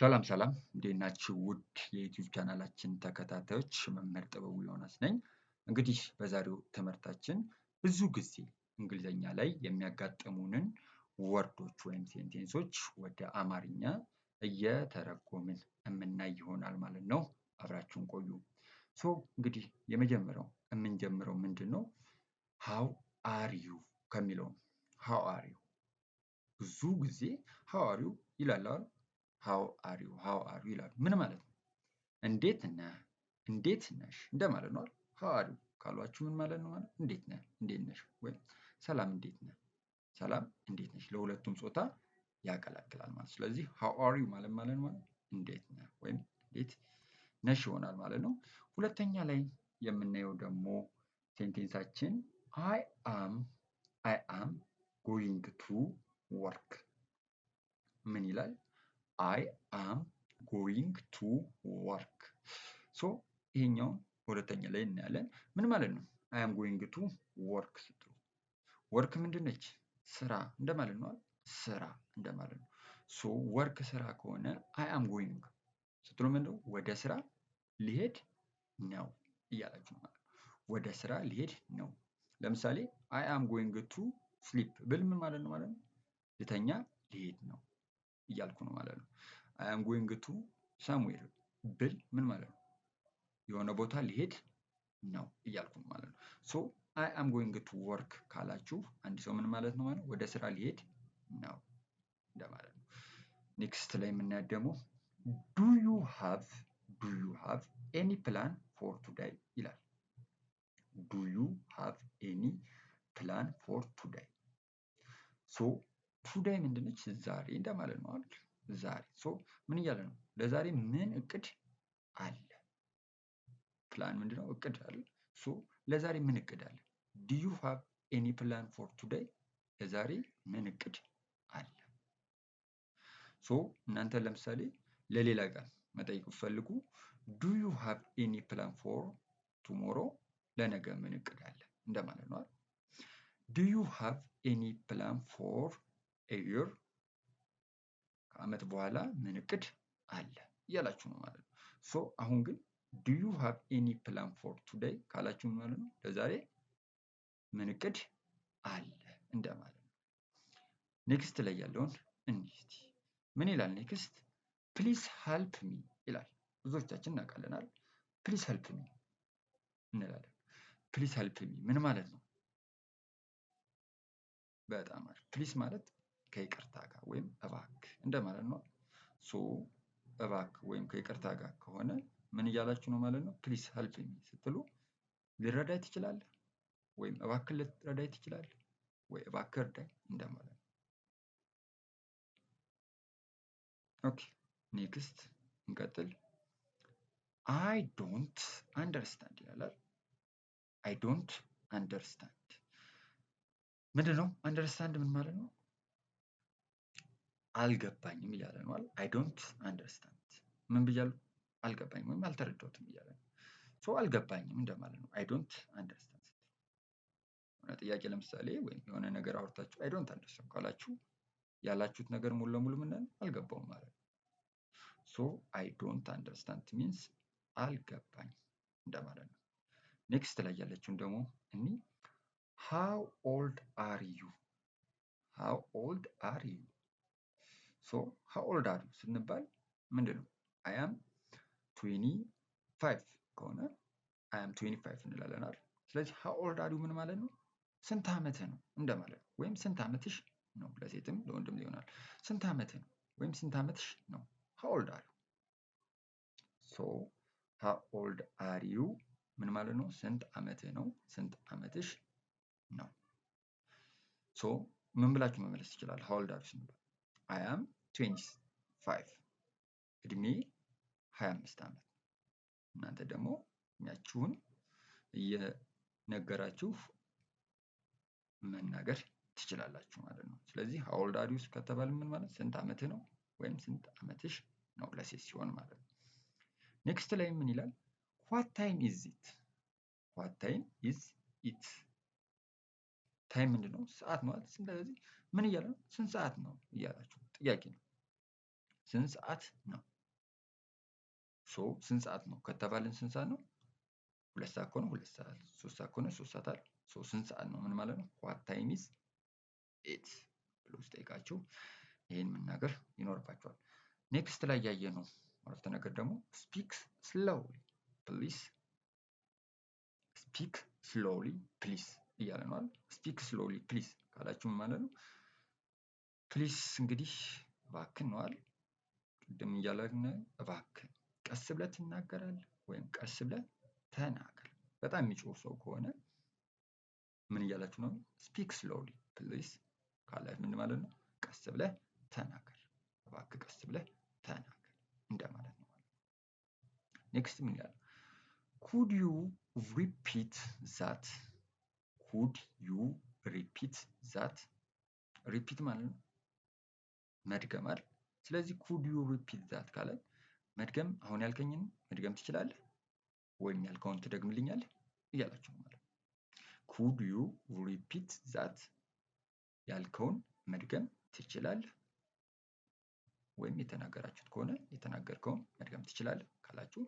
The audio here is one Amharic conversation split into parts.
ሰላም ሰላም እንዴት ናችሁ? ውድ የዩቲዩብ ቻናላችን ተከታታዮች መምህር ጥበቡ ዮናስ ነኝ። እንግዲህ በዛሬው ትምህርታችን ብዙ ጊዜ እንግሊዘኛ ላይ የሚያጋጥሙንን ወርዶች ወይም ሴንቴንሶች ወደ አማርኛ እየተረጎምን የምናይ ይሆናል ማለት ነው። አብራችሁን ቆዩ። ሶ እንግዲህ የመጀመሪያው የምንጀምረው ምንድን ነው? ሀው አር ከሚለው ሃው አር ብዙ ጊዜ ሀው አር ዩ ይላል ሃው አር ዩ ሃው አር ዩ ይላሉ። ምን ማለት ነው? እንዴት ነህ፣ እንዴት ነሽ እንደማለት ነው። ሃው አር ዩ ካሏችሁ ምን ማለት ነው? ማለት እንዴት ነህ፣ እንዴት ነሽ ወይም ሰላም እንዴት ነህ፣ ሰላም እንዴት ነሽ ለሁለቱም ጾታ ያቀላቅላል ማለት ስለዚህ ሃው አር ዩ ማለት ማለት ነው እንዴት ነህ ወይም እንዴት ነሽ ይሆናል ማለት ነው። ሁለተኛ ላይ የምናየው ደግሞ ሴንቴንሳችን አይ አም አይ አም ጎይንግ ቱ ወርክ ምን ይላል? አይ አም ጎይንግ ቱ ወርክ። ሶ ይሄኛውን ሁለተኛ ላይ እናያለን። ምን ማለት ነው? አይ አም ጎይንግ ቱ ወርክ ስትሉ ወርክ ምንድን ነች? ስራ እንደማለት ነው። ስራ እንደማለት ነው። ሶ ወርክ ስራ ከሆነ አይ አም ጎይንግ ስትሉ ምንድን ወደ ስራ ሊሄድ ነው እያላችሁ ማለት ነው። ወደ ስራ ሊሄድ ነው። ለምሳሌ አይ አም ጎይንግ ቱ ስሊፕ ብል ምን ማለት ነው ማለት ነው? ልተኛ ሊሄድ ነው እያልኩ ነው ማለት ነው። አያም ጎይንግ ቱ ሳሙኤል ብል ምን ማለት ነው? የሆነ ቦታ ሊሄድ ነው እያልኩ ነው ማለት ነው። ሶ አይ አም ጎይንግ ቱ ወርክ ካላችሁ አንድ ሰው ምን ማለት ነው ማለት ወደ ስራ ሊሄድ ነው እንደማለት ነው። ኔክስት ላይ የምናያት ደግሞ ዱ ዩ ሃቭ ዱ ዩ ሃቭ ኤኒ ፕላን ፎር ቱዳይ ይላል። ዱ ዩ ሃቭ ኤኒ ፕላን ፎር ቱዳይ ሶ ቱዳይ ምንድነች? ዛሬ እንደማለት ነው አይደል? ዛሬ ሶ ምን እያለ ነው? ለዛሬ ምን እቅድ አለ? ፕላን ምንድነው? እቅድ አለ። ሶ ለዛሬ ምን እቅድ አለ? ዱ ዩ ሃቭ ኤኒ ፕላን ፎር ቱዳይ? ለዛሬ ምን እቅድ አለ? ሶ እናንተ ለምሳሌ ለሌላ ቀን መጠየቅ ብፈልጉ ዱ ዩ ሃቭ ኤኒ ፕላን ፎር ቱሞሮ? ለነገ ምን እቅድ አለ እንደማለት ነው አይደል? ዱ ዩ ሃቭ ኤኒ ፕላን ፎር ኤዩር ከአመት በኋላ ምን እቅድ አለ እያላችሁ ነው ማለት ነው። ሶ አሁን ግን ዱ ዩ ሃቭ ኤኒ ፕላን ፎር ቱዴይ ካላችሁ ማለት ነው ለዛሬ ምን እቅድ አለ እንደማለት ነው። ኔክስት ላይ ያለውን እንዲህ ምን ይላል ኔክስት? ፕሊስ ሀልፕ ሚ ይላል። ብዙዎቻችን እናውቃለናል። ፕሊስ ሀልፕ ሚ እንላለን። ፕሊስ ሀልፕ ሚ ምን ማለት ነው? በጣም ፕሊስ ማለት ከይቅርታ ጋር ወይም እባክ እንደማለት ነው። ሶ እባክ ወይም ከይቅርታ ጋር ከሆነ ምን እያላችሁ ነው ማለት ነው ፕሊስ ሄልፕ ሚ ስትሉ ልረዳኝ ትችላለ ወይም እባክ ልትረዳኝ ትችላለ ወይ እባክ እርዳይ እንደማለት ነው። ኦኬ ኔክስት እንቀጥል አይ ዶንት አንደርስታንድ ይላል አይ ዶንት አንደርስታንድ ምንድነው አንደርስታንድ ምን ማለት ነው አልገባኝም እያለ ነው አይደል? አይ ዶንት አንደርስታንድ ምን ብያለሁ? አልገባኝም ወይም አልተረዳሁትም እያለ ነው። ሶ አልገባኝም እንደማለት ነው። አይ ዶንት አንደርስታንድ የሆነ ጥያቄ ለምሳሌ ወይም የሆነ ነገር አውርታችሁ አይ ዶንት አንደርስታንድ ካላችሁ ያላችሁት ነገር ሙሉ ለሙሉ ምን አልገባውም ማለት ነው። ሶ አይ ዶንት አንደርስታንድ ሚንስ አልገባኝም እንደማለት ነው። ኔክስት ላይ ያለችውን ደግሞ ሃው ኦልድ አር ዩ ሃው ኦልድ አር ዩ ሶ ሀው ኦልድ አር ዩ ስንባል ምንድን ነው አያም ትዌኒ ፋይቭ ከሆነ አያም ትዌኒ ፋይቭ እንላለን አይደል? ስለዚህ ሀው ኦልድ አር ዩ ምን ማለት ነው? ስንት አመት ነው እንደማለት ነው። ወይም ስንት አመትሽ ነው። ለሴትም ለወንድም ይሆናል። ስንት አመት ነው ወይም ስንት አመትሽ ነው። ሀው ኦልድ አር ዩ ሶ ሀው ኦልድ አር ዩ ምን ማለት ነው? ስንት አመት ነው፣ ስንት ዓመትሽ ነው። ሶ ምን ብላችሁ መመለስ ይችላል? ሀው ኦልድ አር ዩ ስንባል አያም 25 እድሜ 25 ዓመት እናንተ ደግሞ እድሜያችሁን እየነገራችሁ መናገር ትችላላችሁ ማለት ነው። ስለዚህ ሃው ኦልድ አር ዩ ከተባለ ምን ማለት ስንት ዓመትህ ነው ወይም ስንት ዓመትሽ ነው ለሴት ሲሆን ማለት ነው። ኔክስት ላይ ምን ይላል? ዋት ታይም ኢዝ ኢት ዋት ታይም ኢዝ ኢት ታይም ምንድን ነው? ሰዓት ስለዚህ ምን እያለ ነው? ስንት ሰዓት ነው እያላችሁ ጥያቄ ነው። ስንት ሰዓት ነው? ሶ ስንት ሰዓት ነው ከተባለን ስንት ሰዓት ነው? ሁለት ሰዓት ከሆነ ሁለት ሰዓት፣ ሶስት ሰዓት ከሆነ ሶስት ሰዓት አለ። ሶ ስንት ሰዓት ነው ምን ማለት ነው? ዋት ታይም ኢዝ ኤት ብሎ ሲጠይቃችሁ ይህን መናገር ይኖርባቸዋል። ኔክስት ላይ ያየ ነው አረፍተ ነገር ደግሞ ስፒክ ስሎውሊ ፕሊስ፣ ስፒክ ስሎውሊ ፕሊስ እያለ ነው አይደል? ስፒክ ስሎውሊ ፕሊስ ካላችሁ ማለት ነው ፕሊስ እንግዲህ እባክን ነው አይደል? ቅድም እያለን እባክህ ቀስ ብለህ ትናገራለህ ወይም ቀስ ብለህ ተናገር በጣም የሚጮህ ሰው ከሆነ ምን እያላችሁ ነው ስፒክ ስሎሊ ፕሊስ ካላችሁ ምን ማለት ነው ቀስ ብለህ ተናገር እባክህ ቀስ ብለህ ተናገር እንደማለት ነው ማለት ነው። ኔክስት ምን ይላል ኩድ ዩ ሪፒት ዛት ኩድ ዩ ሪፒት ዛት ሪፒት ማለት ነው መድገማል ስለዚህ ኩድ ዩ ሪፒት ዛት ካለ መድገም አሁን ያልከኝን መድገም ትችላለህ ወይም ያልከውን ትደግምልኛለህ እያላችሁ ነው ማለት ኩድ ዩ ሪፒት ዛት ያልከውን መድገም ትችላለህ ወይም የተናገራችሁት ከሆነ የተናገርከውን መድገም ትችላለህ ካላችሁ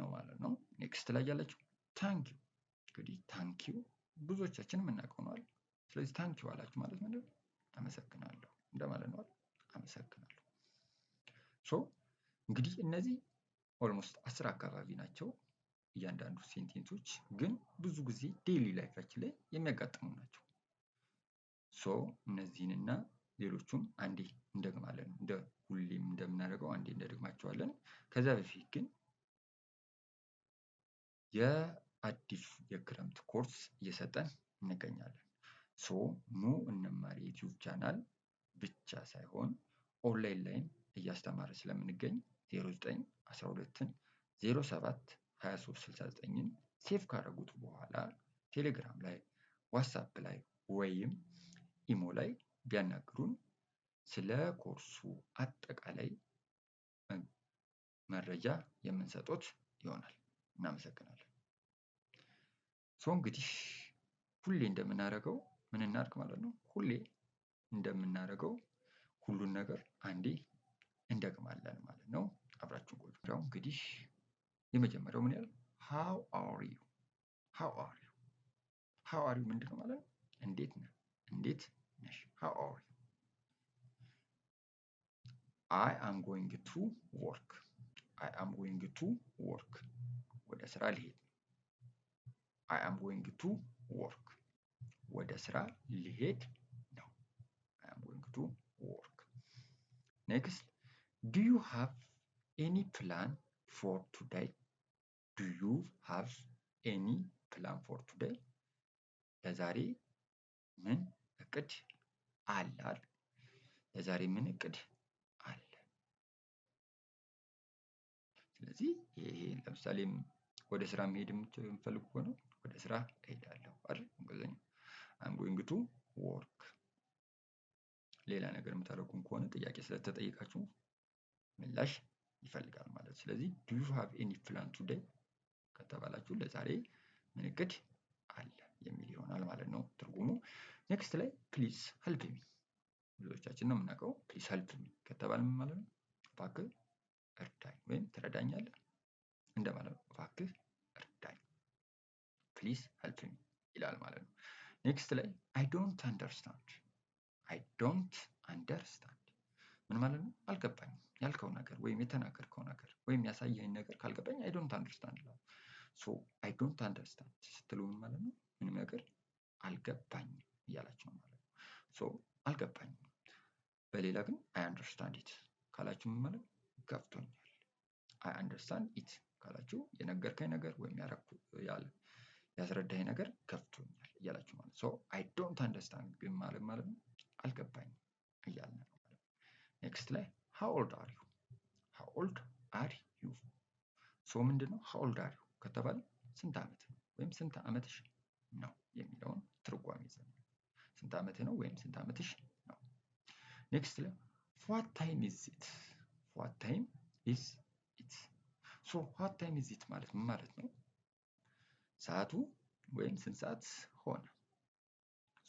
ነው ማለት ነው። ኔክስት ላይ ያላችሁ ታንኪዩ እንግዲህ ታንኪዩ ብዙዎቻችን የምናውቀው ነዋል። ስለዚህ ታንኪዩ አላችሁ ማለት ምንድን ነው አመሰግናለሁ እንደማለት ነው አመሰግናለሁ። ሶ እንግዲህ እነዚህ ኦልሞስት አስር አካባቢ ናቸው እያንዳንዱ ሴንቴንሶች ግን ብዙ ጊዜ ዴይሊ ላይፋችን ላይ የሚያጋጥሙ ናቸው። ሶ እነዚህንና ሌሎቹም አንዴ እንደግማለን። እንደ ሁሌም እንደምናደርገው አንዴ እንደግማቸዋለን። ከዚያ በፊት ግን የአዲሱ የክረምት ኮርስ እየሰጠን እንገኛለን። ሶ ኑ እንማር የዩቲዩብ ቻናል ብቻ ሳይሆን ኦንላይን ላይም እያስተማረ ስለምንገኝ 0912ን 07 ን ካደረጉት በኋላ ቴሌግራም ላይ ዋትሳፕ ላይ ወይም ኢሞ ላይ ቢያናግሩን ስለ ኮርሱ አጠቃላይ መረጃ የምንሰጡት ይሆናል። እናመሰግናለን። ሶ እንግዲህ ሁሌ እንደምናደርገው ምን እናድርግ ማለት ነው ሁሌ እንደምናደርገው ሁሉን ነገር አንዴ እንደግማለን ማለት ነው። አብራችሁን ቆዩ። እንግዲህ የመጀመሪያው ምን ያል ሃው አር ዩ ሃው አር ዩ ሃው አር ዩ ምንድን ነው ማለት ነው? እንዴት ነህ? እንዴት ነሽ? ሃው አር ዩ አይ አም ጎይንግ ቱ ወርክ አይ አም ጎይንግ ቱ ወርክ ወደ ስራ ልሄድ አይ አም ጎይንግ ቱ ወርክ ወደ ስራ ልሄድ to work. Next, do you have any plan for today? Do you have any plan for today? ለዛሬ ምን እቅድ አለ? ለዛሬ ምን እቅድ አለ? ስለዚህ ይሄ ለምሳሌ ወደ ስራ መሄድ የምፈልግ ከሆነ ወደ ስራ እሄዳለሁ አይደል? እንግሊዝኛ አም ጎይንግ ቱ ወርክ ሌላ ነገር የምታደርጉም ከሆነ ጥያቄ ስለተጠየቃችሁ ምላሽ ይፈልጋል ማለት። ስለዚህ ዱ ዩ ሃቭ ኤኒ ፕላን ቱዴይ ከተባላችሁ ለዛሬ ምን እቅድ አለ የሚል ይሆናል ማለት ነው ትርጉሙ። ኔክስት ላይ ፕሊዝ ሀልፕ ሚ ብዙዎቻችን ነው የምናውቀው። ፕሊዝ ሀልፕ ሚ ከተባል ምን ማለት ነው? እባክህ እርዳኝ ወይም ትረዳኛለህ እንደማለት ነው። እባክህ እርዳኝ ፕሊዝ ሀልፕ ሚ ይላል ማለት ነው። ኔክስት ላይ አይ ዶንት አንደርስታንድ አይ ዶንት አንደርስታንድ ምን ማለት ነው? አልገባኝ ያልከው ነገር ወይም የተናገርከው ነገር ወይም ያሳየኝ ነገር ካልገባኝ አይ ዶንት አንደርስታንድ እላለሁ። ሶ አይ ዶንት አንደርስታንድ ስትሉ ምን ማለት ነው? ምንም ነገር አልገባኝም እያላችሁ ነው ማለት ነው። ሶ አልገባኝም። በሌላ ግን አይ አንደርስታንድ ኢት ካላችሁ ምን ማለት ገብቶኛል። አይ አንደርስታንድ ኢት ካላችሁ የነገርከኝ ነገር ወይም ያስረዳኝ ነገር ገብቶኛል እያላችሁ ማለት ነው። ሶ አይ ዶንት አንደርስታንድ ግን ማለት ማለት ነው አልገባኝም እያልን ነው። ኔክስት ላይ ሃው ኦልድ አር ዩ ሃው ኦልድ አር ዩ ሶ ምንድን ነው ሃው ኦልድ አር ዩ ከተባለ ስንት ዓመት ወይም ስንት ዓመትሽ ነው የሚለውን ትርጓሜ ይዘን ስንት ዓመት ነው ወይም ስንት ዓመትሽ ነው። ኔክስት ላይ ዋት ታይም ኢዝ ኢት ዋት ታይም ኢዝ ኢት ሶ ዋት ታይም ኢዝ ኢት ማለት ምን ማለት ነው? ሰዓቱ ወይም ስንት ሰዓት ሆነ።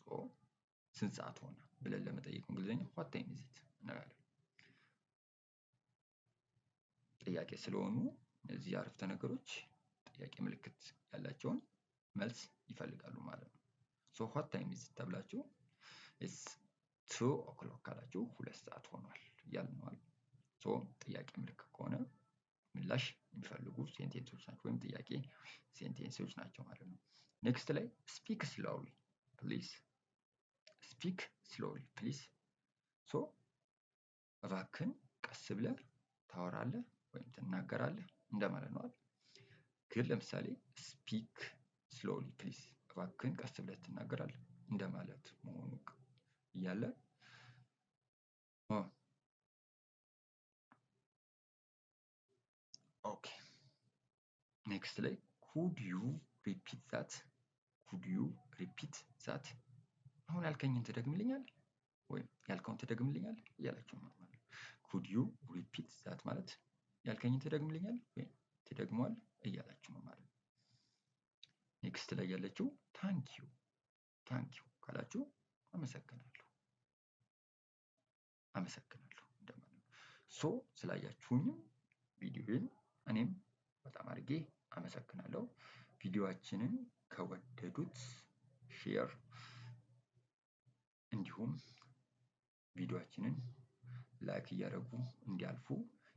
ሶ ስንት ሰዓት ሆነ ብለን ለመጠየቅ እንግሊዝኛ ዋት ታይም ኢዝ ኢት እንላለን። ጥያቄ ስለሆኑ እነዚህ አረፍተ ነገሮች ጥያቄ ምልክት ያላቸውን መልስ ይፈልጋሉ ማለት ነው። ሶ ዋት ታይም ኢዝ ተብላችሁ ኢስ ቱ ኦክሎክ ካላችሁ ሁለት ሰዓት ሆኗል ያልነዋል። ሶ ጥያቄ ምልክት ከሆነ ምላሽ የሚፈልጉ ሴንቴንሶች ናቸው ወይም ጥያቄ ሴንቴንሶች ናቸው ማለት ነው። ኔክስት ላይ ስፒክ ስላውሊ ፕሊዝ ስፒክ ስሎሊ ፕሊስ። ሶ እባክን ቀስ ብለ ታወራለህ ወይም ትናገራለህ እንደማለት ነው። ግን ለምሳሌ ስፒክ ስሎሊ ፕሊስ፣ እባክን ቀስ ብለ ትናገራለህ እንደማለት መሆኑ እያለ ኦኬ ኔክስት ላይ ኩድ ዩ ሪፒት ዛት ኩድ ዩ ሪፒት ዛት አሁን ያልከኝን ትደግምልኛል ወይም ያልከውን ትደግምልኛል እያላችሁ ማለት ኩድ ዩ ሪፒት ዛት ማለት ያልከኝን ትደግምልኛል ወይም ትደግሟል እያላችሁ ነው ማለት ነው። ኔክስት ላይ ያለችው ታንኪው ታንኪው ካላችሁ አመሰግናለሁ አመሰግናለሁ እንደማለት ነው። ሶ ስላያችሁኝም ቪዲዮን እኔም በጣም አድርጌ አመሰግናለሁ ቪዲዮችንን ከወደዱት ሼር እንዲሁም ቪዲዮአችንን ላይክ እያደረጉ እንዲያልፉ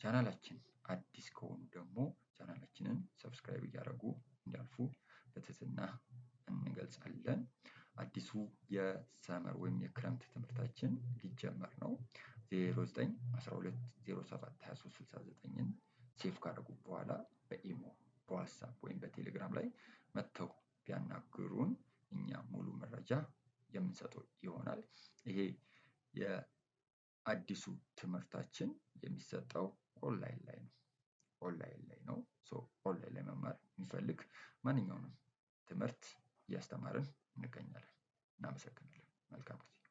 ቻናላችን አዲስ ከሆኑ ደግሞ ቻናላችንን ሰብስክራይብ እያደረጉ እንዲያልፉ በትህትና እንገልጻለን። አዲሱ የሰመር ወይም የክረምት ትምህርታችን ሊጀመር ነው። 0912072369ን ሴፍ ካደረጉ በኋላ በኢሞ በዋትሳፕ ወይም በቴሌግራም ላይ መጥተው ቢያናግሩን እኛ ሙሉ መረጃ የምንሰጠው ይሆናል። ይሄ የአዲሱ ትምህርታችን የሚሰጠው ኦንላይን ላይ ነው። ኦንላይን ላይ ነው። ኦንላይን ላይ መማር የሚፈልግ ማንኛውንም ትምህርት እያስተማርን እንገኛለን። እናመሰግናለን። መልካም ጊዜ